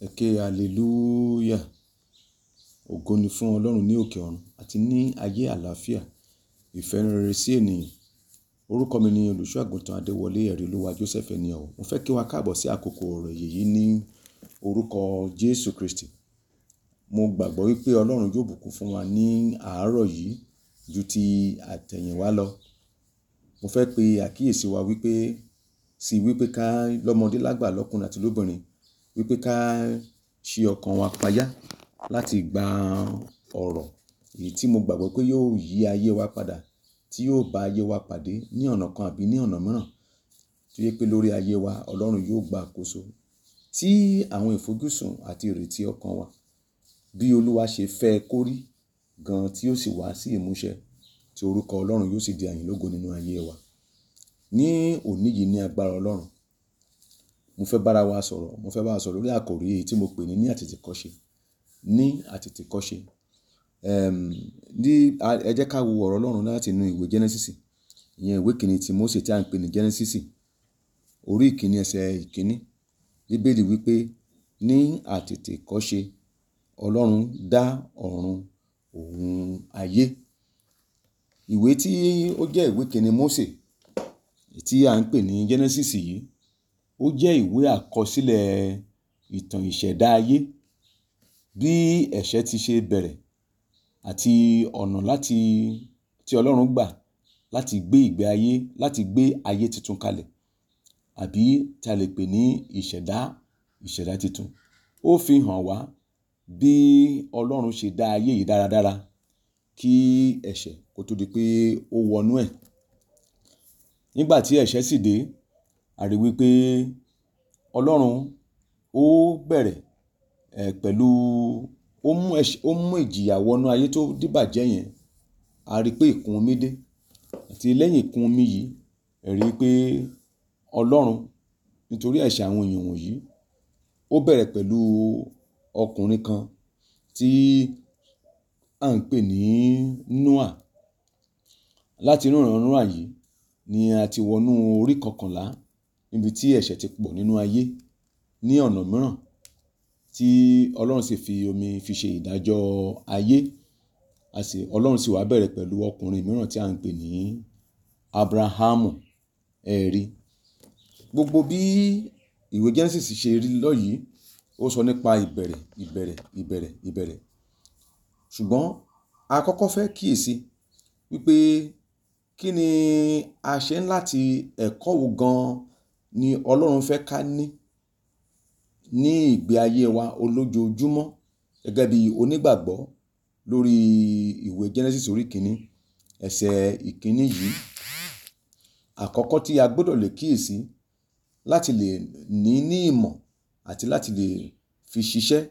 Eke hallelujah. Ògo ni fún Ọlọ́run ní òkè ọ̀run àti ní ayé àlàáfíà. Ìfẹ́ sí ènìyàn. Orúkọ mi ni Olùṣọ́àgùntàn Adéwọlé ẹ̀rí Olúwa Joseph Ẹniọ̀wọ̀. Mo fẹ́ kí wa káàbọ̀ sí àkókò ọ̀rọ̀ yìí ní orúkọ Jésù Kristi. Mo gbàgbọ́ wípé Ọlọ́run yóò bùkún fún wa ní àárọ̀ yìí ju ti àtẹ̀yìnwá lọ. Mo fẹ́ pe àkíyèsí wa wípé, sí wípé ká lọ́mọdé lágbà lọ́kùnrin àti lóbìnrin wípé ká ṣí ọkàn wa payá láti gba ọ̀rọ̀ èyí tí mo gbàgbọ́ pé yóò yí ayé wa padà, tí yóò bá ayé wa pàdé ní ọ̀nà kan àbí ní ọ̀nà mìíràn, tó jẹ́ pé lórí ayé wa Ọlọ́run yóò gba àkóso. Tí àwọn ìfojúsùn àti ìrètí ọkàn wa bí Olúwa ṣe fẹ́ kó rí gan tí ó sì wá sí ìmúṣẹ tí orúkọ Ọlọ́run yóò sì di àyìnlógo nínú ayé wa. Ní òní yìí ní agbára Ọlọ́run mo fẹ́ bára wa sọ̀rọ̀ mo fẹ́ bá wa sọ̀rọ̀ lórí àkòrí yìí tí mo pè ní ní àtètèkọ́ṣe ní àtètèkọ́ṣe um ní ẹ jẹ́ ká wo ọ̀rọ̀ Ọlọ́run láti inú ìwé Genesis ìyẹn ìwé kìíní ti Mósè tí à ń pè ní Genesis orí ìkíní ẹsẹ̀ ìkíní bíbélì wípé ní àtètèkọ́ṣe Ọlọ́run dá ọ̀run òun ayé ìwé tí ó jẹ́ ìwé kìíní Mósè tí à ń pè ní Genesis yìí ó jẹ́ ìwé àkọsílẹ̀ ìtàn ìṣẹ̀dá ayé, bí ẹ̀ṣẹ̀ ti ṣe bẹ̀rẹ̀ àti ọ̀nà láti tí Ọlọ́run gbà láti gbé ìgbé ayé, láti gbé ayé tuntun kalẹ̀ àbí tí a lè pè ní ìṣẹ̀dá, ìṣẹ̀dá tuntun. Ó fi hàn wá bí Ọlọ́run ṣe dá ayé yìí dáradára kí ẹ̀ṣẹ̀ kó tó di pé ó wọnú ẹ̀. Nígbà tí ẹ̀ṣẹ̀ sì dé, a rí wípé Ọlọ́run ó bẹ̀rẹ̀ ẹ̀ pẹ̀lú ó mú ẹ̀ṣẹ̀ ó mú ìjìyà wọnú ayé tó díbàjẹ́ yẹn. A rí pé ìkún omi dé àti lẹ́yìn ìkún omi yìí, ẹ rí pé Ọlọ́run nítorí ẹ̀ṣẹ̀ àwọn èèyàn wọ̀nyí, ó bẹ̀rẹ̀ pẹ̀lú ọkùnrin kan tí à ń pè ní Nóà. Láti inú ìran ni a ti wọnú orí kọkànlá níbi tí ẹ̀ṣẹ̀ ti pọ̀ nínú ayé ní ọ̀nà mìíràn tí Ọlọ́run sì fi omi fi ṣe ìdájọ́ ayé a sì Ọlọ́run sì wá bẹ̀rẹ̀ pẹ̀lú ọkùnrin mìíràn tí à ń pè ní Abrahamu ẹ̀rí gbogbo bí ìwé Genesis ṣe rí lọ́yìí ó sọ nípa ìbẹ̀rẹ̀ ìbẹ̀rẹ̀ ìbẹ̀rẹ̀ ìbẹ̀rẹ̀ ṣùgbọ́n a kọ́kọ́ fẹ́ kíyèsí wípé kí ni a ṣe ń láti ẹ̀kọ́ wo gan-an ni Ọlọ́run fẹ́ ká ní ní ìgbé ayé wa olójoojúmọ́ gẹ́gẹ́ bí onígbàgbọ́ lórí ìwé Genesis orí kìíní ẹsẹ̀ ìkíní yìí. Àkọ́kọ́ tí a gbọ́dọ̀ lè kíyèsí láti lè ní ní ìmọ̀ àti láti lè fi ṣiṣẹ́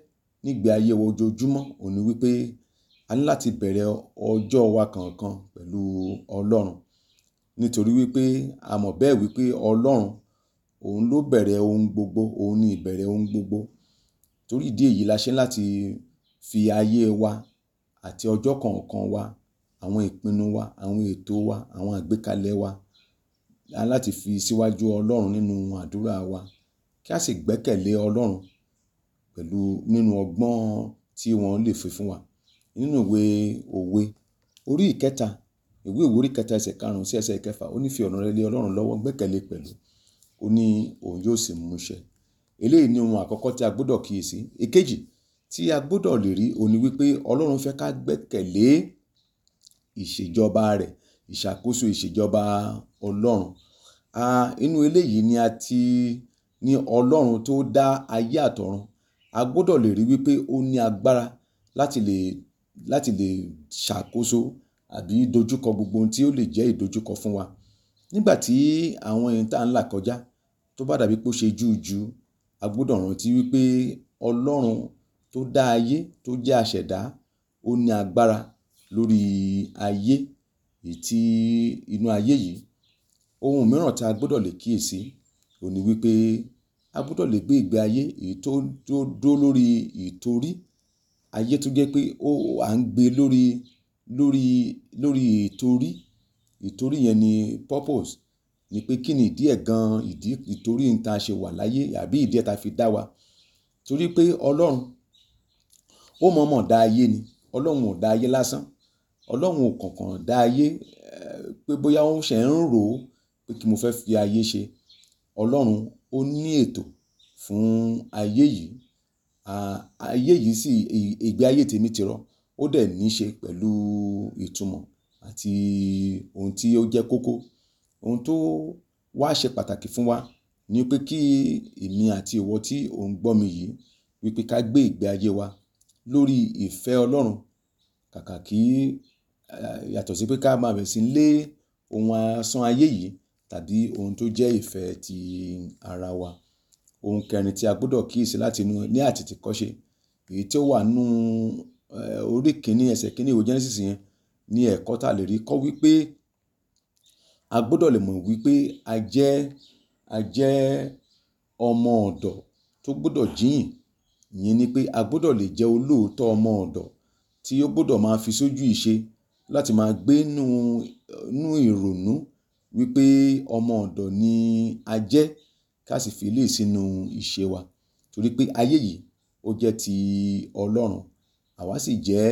nígbé ayé wa ojoojúmọ́ òun ní wípé a ní láti bẹ̀rẹ̀ ọjọ́ wa kọ̀ọ̀kan pẹ̀lú Ọlọ́run nítorí wípé a mọ̀ bẹ́ẹ̀ wípé Ọlọ́run Òun ló bẹ̀rẹ̀ ohun gbogbo, òun ni ìbẹ̀rẹ̀ ohun gbogbo. Torí ìdí èyí la ṣe láti fi ayé wa àti ọjọ́ kọ̀ọ̀kan wa, àwọn ìpinnu wa, àwọn ètò wa, àwọn àgbékalẹ̀ wa láti fi síwájú Ọlọ́run nínú àdúrà wa kí a sì gbẹ́kẹ̀lé Ọlọ́run pẹ̀lú nínú ọgbọ́n tí wọ́n lè fi fún wa. Nínú ìwé òwe orí ìkẹta, ìwé òwe orí ìkẹta ẹsẹ̀ karùn-ún sí ẹsẹ̀ ìkẹfà, ó ní fi ọ̀nà rẹ lé Ọlọ́run lọ́wọ́, gbẹ́kẹ̀lé pẹ̀lú ó ní òun yóò sì mú ṣẹ. Eléyìí ni ohun àkọ́kọ́ tí a gbọ́dọ̀ kíyèsi. Èkejì tí a gbọ́dọ̀ lè rí òun ni wípé Ọlọ́run fẹ́ ká gbẹ́kẹ̀lé ìṣèjọba rẹ̀, ìṣàkóso ìṣèjọba Ọlọ́run. A, inú eléyìí ni a ti ní Ọlọ́run tó dá ayé àtọ̀run. A gbọ́dọ̀ lè rí wípé ó ní agbára láti lè, láti lè ṣàkóso àbí dojúkọ gbogbo ohun tí ó lè jẹ́ ìdojúkọ fún wa. Nígbà tí àwọn èyí tí à ń là kọjá tó bá dàbí pé ó ṣe júùjú, a gbọ́dọ̀ rántí wípé Ọlọ́run tó dá ayé tó jẹ́ aṣẹ̀dá, ó ní agbára lórí ayé èyí tí inú ayé yìí. Ohun mìíràn tí a gbọ́dọ̀ lè kíyèsi òun ní wípé a gbọ́dọ̀ lè gbé ìgbé ayé èyí tó dúró lórí ìtorí, ayé tó jẹ́ pé ó à ń gbé lórí, lórí, lórí ìtorí. Ìtorí yẹn ni purpose ni pé kí ni ìdí ẹ̀ gan-an ìdí ìtorí ń ta ṣe wà láyé àbí ìdí ẹ̀ ta fi dá wa torí pé Ọlọ́run ó mọ̀ọ́mọ̀ dá ayé ni Ọlọ́run ò dá ayé lásán Ọlọ́run ò kọ̀ọ̀kan dá ayé eh, pé bóyá ó ṣẹ̀ ń rò ó pé kí mo fẹ́ fi ayé ṣe Ọlọ́run ó ní ètò fún ayé yìí ayé yìí sì ìgbé ayé tèmi ti rọ ó dẹ̀ ní í ṣe pẹ̀lú ìtumọ̀ àti ohun tí ó jẹ́ kókó Ohun tó wá ṣe pàtàkì fún wa ni pé kí èmi àti ìwọ tí ò ń gbọ́ mi yìí wípé ká gbé ìgbé ayé wa lórí ìfẹ́ Ọlọ́run. Kàkà kí eh, yàtọ̀ sí pé ká máa bẹ̀rẹ̀ sí lé ohun asán ayé yìí tàbí ohun tó jẹ́ ìfẹ́ ti ara wa. Ohun kẹrin tí a gbọdọ̀ kíyèsi láti inú ní àtètèkọ́ṣe èyí tí ó wà nínú eh, orí kìíní ẹsẹ̀ kìíní ìwé Genesis yẹn ni ẹ̀kọ́ ta lè rí kọ́ wípé a gbọ́dọ̀ lè mọ̀ wípé a jẹ́, a jẹ́ ọmọ ọ̀dọ̀ tó gbọ́dọ̀ jíyìn. Iyẹn ni pé a gbọ́dọ̀ lè jẹ́ olóòótọ́ ọmọ ọ̀dọ̀ tí ó gbọ́dọ̀ máa fi sójú ìṣe láti máa gbé inú, ìrònú wípé ọmọ ọ̀dọ̀ ni a jẹ́ ká sì fi eléyìí sínú ìṣe wa. Torí pé ayé yìí ó jẹ́ ti Ọlọ́run, àwa sì jẹ́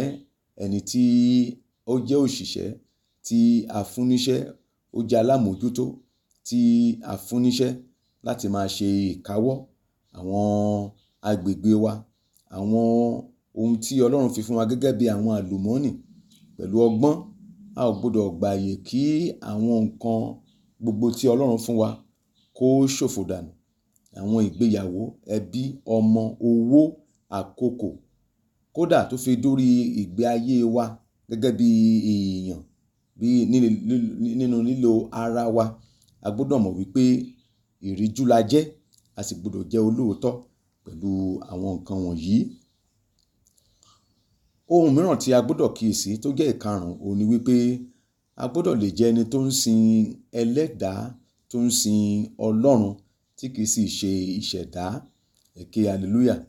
ẹni tí ó jẹ́ òṣìṣẹ́ tí a fún níṣẹ́ ó jẹ́ alámòójútó tí a fún níṣẹ́ láti máa ṣe ìkáwọ́ àwọn agbègbè wa, àwọn ohun tí Ọlọ́run fi fún wa gẹ́gẹ́ bí àwọn àlùmọ́nì pẹ̀lú ọgbọ́n. A ò gbọdọ̀ gbàyè kí àwọn nǹkan gbogbo tí Ọlọ́run fún wa kó ṣòfò dànù. Àwọn ìgbéyàwó, ẹbí, ọmọ, owó, àkókò kódà tó fi dórí ìgbé ayé wa gẹ́gẹ́ bí èèyàn bí nínú lílo ara wa a gbọ́dọ̀ mọ̀ wípé ìríjú la jẹ́ a sì gbọ́dọ̀ jẹ́ olóòótọ́ pẹ̀lú àwọn nǹkan wọ̀nyí. Ohun mìíràn tí a gbọ́dọ̀ kíyèsí tó jẹ́ ìkarùn òun ni wípé a gbọ́dọ̀ lè jẹ́ ẹni tó ń sin ẹlẹ́dàá, tó ń sin Ọlọ́run tí kì í sì ṣe ìṣẹ̀dá. Èké hallelujah.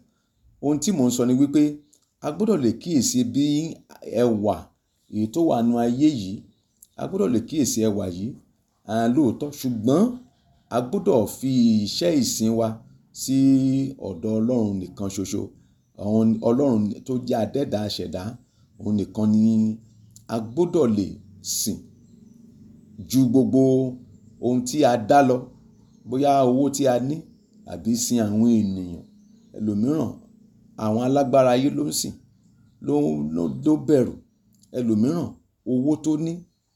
Ohun tí mò ń sọ ni wípé a gbọ́dọ̀ lè kíyèsi bí ẹwà èyí tó wà nínú ayé yìí a gbọ́dọ̀ lè kíyèsí ẹwà yìí à lóòótọ́ ṣùgbọ́n a gbọ́dọ̀ fi iṣẹ́ ìsìn wa sí ọ̀dọ̀ Ọlọ́run nìkan ṣoṣo àwọn Ọlọ́run tó jẹ́ adẹ́dàá aṣẹ̀dá òun nìkan ni a gbọ́dọ̀ lè sìn ju gbogbo ohun tí a dá lọ bóyá owó tí a ní àbí sin àwọn ènìyàn ẹlòmíràn àwọn alágbára ayé ló ń sìn ló ló bẹ̀rù ẹlòmíràn owó tó ní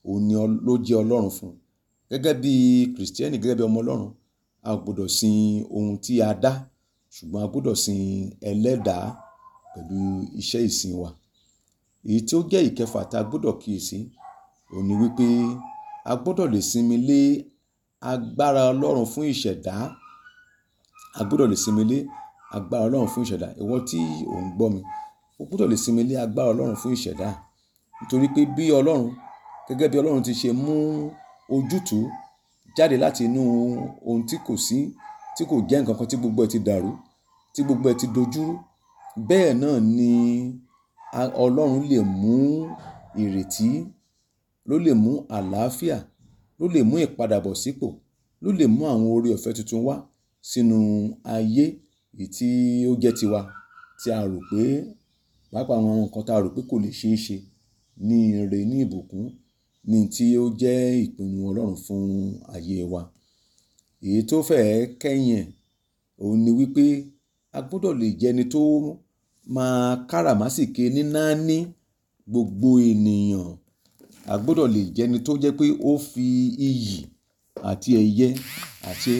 òun ni ló jẹ́ Ọlọ́run fún un gẹ́gẹ́ bí Kristẹni gẹ́gẹ́ bí ọmọ Ọlọ́run a gbọ́dọ̀ sin ohun tí a dá ṣùgbọ́n a gbọ́dọ̀ sin ẹlẹ́dàá pẹ̀lú iṣẹ́ ìsìn wa èyí tí ó jẹ́ ìkẹfà tá a gbọ́dọ̀ kíyèsí òun ni wípé a gbọ́dọ̀ lè sinmi lé agbára Ọlọ́run fún ìṣẹ̀dá a gbọ́dọ̀ lè sinmi lé agbára Ọlọ́run fún ìṣẹ̀dá ìwọ tí ò ń mi o gbọ́dọ̀ lè sinmi lé agbára Ọlọ́run fún ìṣẹ̀dá nítorí pé bí Ọlọ́run Gẹ́gẹ́ bí Ọlọ́run ti ṣe mú ojútùú jáde láti inú ohun tí kò sí, tí kò jẹ́ nǹkan kan tí gbogbo ẹ ti dàrú, tí gbogbo ẹ ti dojúrú. Bẹ́ẹ̀ náà ni Ọlọ́run lè mú ìrètí, ló lè mú àlàáfíà, ló lè mú ìpadàbọ̀ sípò, ló lè mú àwọn oore ọ̀fẹ́ tuntun wá sínú ayé èyí tí ó jẹ́ tiwa tí a rò pé, pàápàá àwọn nǹkan tí a rò pé kò lè ṣe ṣe ní ire, ní ìbùkún ní tí ó jẹ́ ìpinnu Ọlọ́run fún ayé wa. Èyí tó fẹ́ kẹ́yìn ẹ̀, òun ni wípé a gbọ́dọ̀ lè jẹ́ ẹni tó máa káràmásìkí nínáání gbogbo ènìyàn. A gbọ́dọ̀ lè jẹ́ ẹni tó jẹ́ pé ó fi iyì àti ẹ̀yẹ àti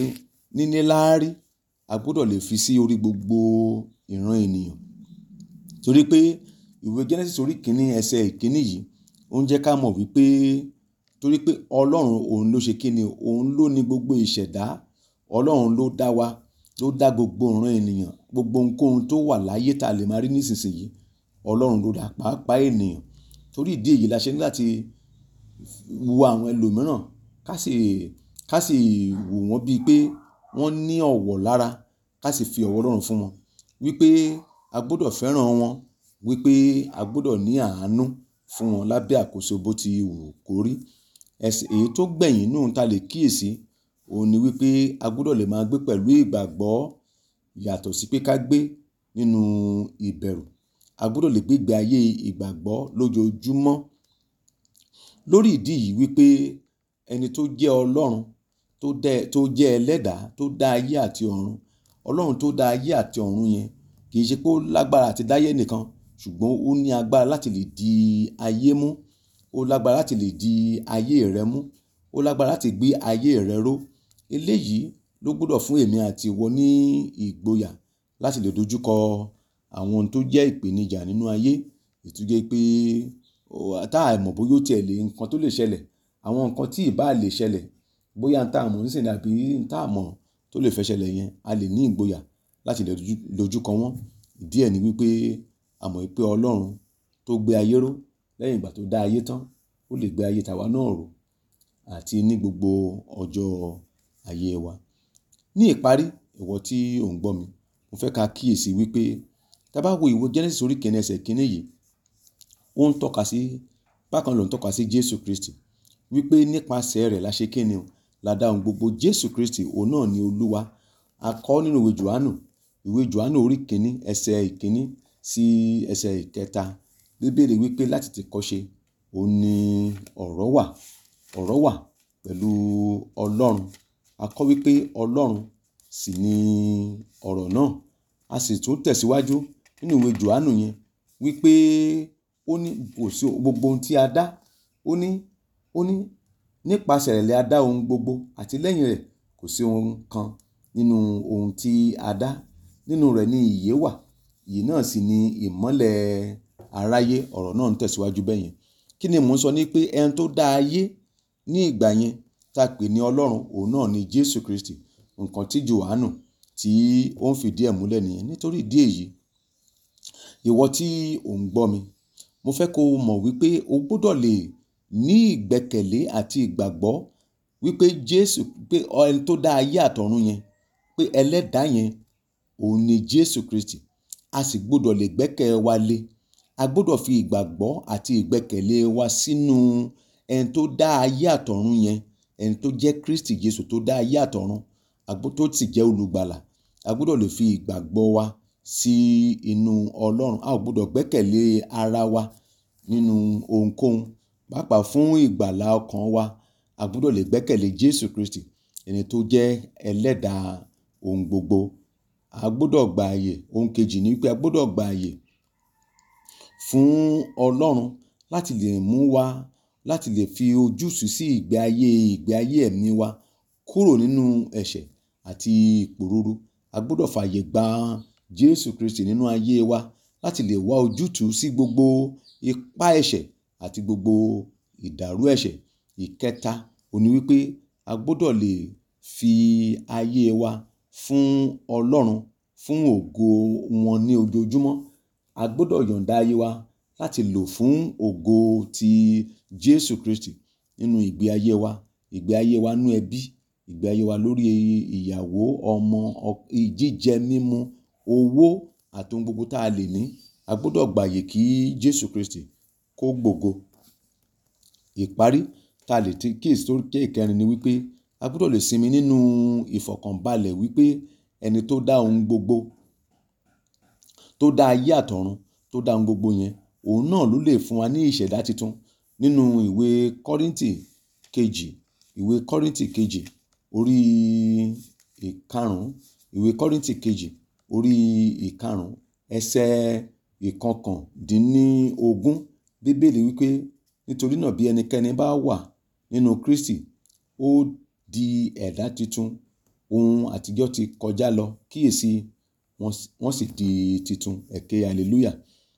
níní láárí, a gbọ́dọ̀ lè fi sí orí gbogbo ìran ènìyàn. Torí pé ìwé Genesis orí kìíní ẹsẹ̀ ìkíní yìí ó ń jẹ́ ká mọ̀ wípé torí pé Ọlọ́run òun ló ṣe kíni òun ló ní gbogbo ìṣẹ̀dá Ọlọ́run ló dá wa ló dá gbogbo ìran ènìyàn gbogbo ohunkóhun tó wà láyé tá a lè máa rí nísinsìnyí Ọlọ́run ló dá pàápàá ènìyàn torí ìdí èyí la ṣe ní láti wo àwọn ẹlòmíràn ká sì ká sì wò wọ́n bíi pé wọ́n ní ọ̀wọ̀ lára ká sì fi ọ̀wọ̀ Ọlọ́run fún wọn wípé a gbọ́dọ̀ fẹ́ràn wọn wípé a gbọ́dọ̀ ní àánú fún wọn lábẹ́ àkóso bó ti wù kó rí. Ẹ̀sì, èyí tó gbẹ̀yìn nínú ohun ta lè kíyèsi, òun ni wípé a gbọdọ̀ lè máa gbé pẹ̀lú ìgbàgbọ́ yàtọ̀ sí pé ká gbé nínú ìbẹ̀rù. A gbọdọ̀ lè gbé ìgbé ayé ìgbàgbọ́ lójoojúmọ́. Lórí ìdí yìí wípé ẹni tó jẹ́ Ọlọ́run tó jẹ́ ẹlẹ́dàá tó dá ayé àti ọ̀run, Ọlọ́run tó dá ayé àti ọ̀run yẹn kì í ṣe pé ó lágbára àti dá nìkan, ṣùgbọ́n ó ní agbára láti lè di ayé mú, ó lágbára láti lè di ayé rẹ mú, ó lágbára láti gbé ayé rẹ ró. Eléyìí ló gbọ́dọ̀ fún èmi àti ìwọ ní ìgboyà láti lè dojúkọ àwọn ohun tó jẹ́ ìpèníjà nínú ayé. Èyí tó jẹ́ pé táà mọ̀ bóyá ó ti è lè nǹkan tó lè ṣẹlẹ̀, àwọn nǹkan tí ì lè ṣẹlẹ̀, bóyá n táà mọ̀ nísìnyí àbí n táà mọ̀ tó lè fẹ́ ṣẹlẹ̀ yẹn, a lè ní ìgboyà láti lè dojúkọ wọ́n. Ìdí ẹ ni wípé. A mọ̀ wípé Ọlọ́run tó gbé ayé ró lẹ́yìn ìgbà tó dá ayé tán, ó lè gbé ayé tàwa náà ró àti ní gbogbo ọjọ́ ayé wa. Ní ìparí, ìwọ tí ò ń gbọ́ mi, mo fẹ́ ka kíyèsi wípé tí a Genesis orí kìíní ẹsẹ̀ kìíní yìí, ó ń tọ́ka sí, bákan ló ń tọ́ka sí Jésù Kristi wípé nípasẹ̀ rẹ̀ la ṣe kíni o, la dá ohun gbogbo. Jésù Kristi, òun náà ni Olúwa. A kọ ọ́ nínú ìwé Jòhánù, ìwé Jòhánù orí kìíní ẹsẹ̀ ìkíní sí ẹsẹ̀ ìkẹta, bíbéèrè wípé láti ti kọ́ṣe, òun ní ọ̀rọ̀ wà. Ọ̀rọ̀ wà pẹ̀lú Ọlọ́run. A kọ́ wípé Ọlọ́run sì ni ọ̀rọ̀ náà. A sì tún tẹ̀síwájú nínú ìwé Jòhánù yẹn wípé ó ní kò sí gbogbo ohun tí a dá, ó ní, ó ní nípasẹ̀ rẹ̀ ni a dá ohun gbogbo àti lẹ́yìn rẹ̀ kò sí ohun kan nínú ohun tí a dá. Nínú rẹ̀ ni ìyè wà, Yìí náà sì ni ìmọ́lẹ̀ aráyé. Ọ̀rọ̀ náà ń tẹ̀síwájú bẹ́yẹn. Kí ni mò ń sọ ní pé ẹni tó dá ayé ní ìgbà yẹn tá pè ní Ọlọ́run, òun náà ni Jésù Kristi. Ǹkan tí Jòhánù tí ó ń fìdí ẹ̀ múlẹ̀ nìyẹn. Nítorí ìdí èyí, ìwọ tí ò ń gbọ́ mi, mo fẹ́ ko mọ̀ wípé o gbọ́dọ̀ lè ní ìgbẹ́kẹ̀lé àti ìgbàgbọ́ wípé Jésù, pé ẹni tó dá ayé àtọ̀run yẹn, pé ẹlẹ́dàá yẹn, òun ni Jésù Kristi a sì gbọ́dọ̀ lè gbẹ́kẹ̀ wa lé a gbọ́dọ̀ fi ìgbàgbọ́ àti ìgbẹ́kẹ̀lé wa sínú ẹni tó dá ayé àtọ̀run yẹn ẹni tó jẹ́ Kristi Jésù tó dá ayé àtọ̀run tó sì jẹ́ olùgbàlà a gbọ́dọ̀ lè fi ìgbàgbọ́ wa sí inú Ọlọ́run a ò gbọ́dọ̀ gbẹ́kẹ̀lé ara wa nínú ohunkóhun pàápàá fún ìgbàlà ọkàn wa a gbọ́dọ̀ lè gbẹ́kẹ̀lé Jésù Kristi ẹni tó jẹ́ ẹlẹ́dàá ohun gbogbo a gbọ́dọ̀ gba ààyè ohun kejì ni pé a gbọ́dọ̀ gba ààyè fún Ọlọ́run láti lè mú wa láti lè fi ojútùú sí ìgbé ayé ìgbé ayé ẹ̀mí wa kúrò nínú ẹ̀ṣẹ̀ àti ìpòrúru a gbọ́dọ̀ fààyè gba Jésù Kristi nínú ayé wa láti lè wá ojútùú sí gbogbo ipá ẹ̀ṣẹ̀ àti gbogbo ìdàrú ẹ̀ṣẹ̀ ìkẹta òní wípé a gbọ́dọ̀ lè fi ayé wa fún Ọlọ́run fún ògo wọn ní ojoojúmọ́. A gbọdọ̀ yọ̀ǹda ayé wa láti lò fún ògo ti Jésù Kristi nínú ìgbé ayé wa, ìgbé ayé wa nínú ẹbí, ìgbé ayé wa lórí ìyàwó, ọmọ, jíjẹ, mímu, owó àti ohun gbogbo tá a lè ní. A gbọdọ̀ gbàyè kí Jésù Kristi kó gbògo. Ìparí tá a lè ti kí èso kẹ́rin ni wípé a gbọ́dọ̀ lè sinmi nínú ìfọ̀kànbalẹ̀ wípé ẹni tó dá ohun gbogbo, tó dá ayé àtọ̀run, tó dá ohun gbogbo yẹn, òun náà ló lè fún wa ní ìṣẹ̀dá titun nínú ìwé Kọ́ríńtì kejì, ìwé Kọ́ríńtì kejì orí ìkarùn-ún, ìwé Kọ́ríńtì kejì orí ìkarùn-ún ẹsẹ̀ ìkọkàndínníogún. Bíbélì wípé nítorí náà bí ẹnikẹ́ni bá wà nínú Kristi, ó di ẹ̀dá tuntun ohun àtijọ́ ti kọjá lọ kíyèsí wọ́n sì di tuntun ẹ̀kẹ́ hallelujah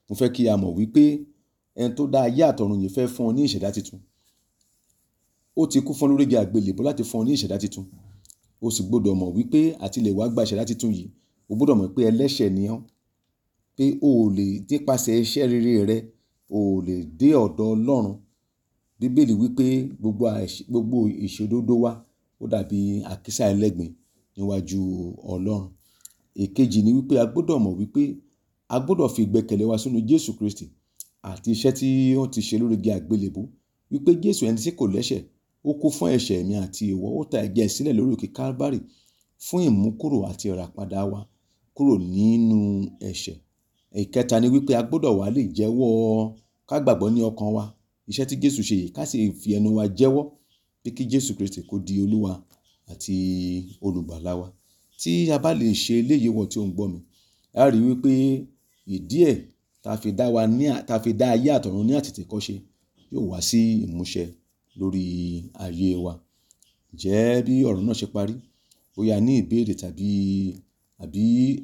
mo fẹ́ kí a mọ̀ wípé ẹni tó dá ayé àtọ̀run yìí fẹ́ fún ọ ní ìṣẹ̀dá tuntun ó ti kú fún lórígi àgbélébùú láti fún ọ ní ìṣẹ̀dá tuntun o sì gbọ́dọ̀ mọ̀ wípé àti lè wá gba ìṣẹ̀dá tuntun yìí o gbọ́dọ̀ mọ̀ pé ẹlẹ́ṣẹ̀ ni ọ́ pé o ò lè nípasẹ̀ iṣẹ́ rere rẹ o ò lè dé ọ̀dọ̀ Ọlọ́run bíbélì wípé gbogbo ìṣòdodo wa ó dàbí àkísà ẹlẹ́gbin níwájú Ọlọ́run. Èkejì ni wípé a gbọ́dọ̀ mọ̀ wípé a gbọ́dọ̀ fi ìgbẹ́kẹ̀lé wa sínú Jésù Kristi àti iṣẹ́ tí ó ti ṣe lórí igi àgbélébú wípé Jésù ẹni tí kò lẹ́ṣẹ̀ ó kú fún ẹ̀ṣẹ̀ mi àti ìwọ ó ta ẹ̀jẹ̀ sílẹ̀ lórí òkè Calvary fún ìmúkúrò àti ìràpadà wa kúrò nínú ẹ̀ṣẹ̀. Ìkẹta ni wípé a gbọ́dọ̀ wá lè jẹ́wọ́ ká gbàgbọ́ ní ọkàn wa iṣẹ́ tí Jésù ṣe yìí ká sì fi ẹnu wa jẹ́wọ́ pé kí Jésù Kristi kó di Olúwa àti olùgbàlà wa. Tí a bá lè ṣe eléyìí wọ tí ò ń gbọ́ mi, a rí i wípé ìdí ẹ̀ ta fi dá wa ní ta fi dá ayé àtọ̀run ní àtètèkọ́ṣe yóò wá sí ìmúṣẹ lórí ayé wa. Ǹjẹ́ bí ọ̀rọ̀ náà ṣe parí? Bóyá ní ìbéèrè tàbí àbí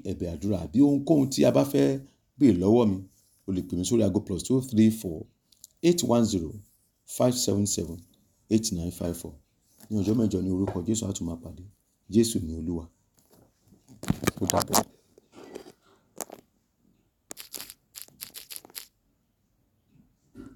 ẹ̀bẹ̀ àdúrà àbí ohunkóhun tí a bá fẹ́ béèrè lọ́wọ́ mi, o lè pè mí sórí ago plus two three four eight one zero five seven seven eight nine five four. Ní ọjọ́ mẹ́jọ ní orúkọ Jésù a tún máa pàdé. Jésù ni Olúwa. Ó dàbọ̀.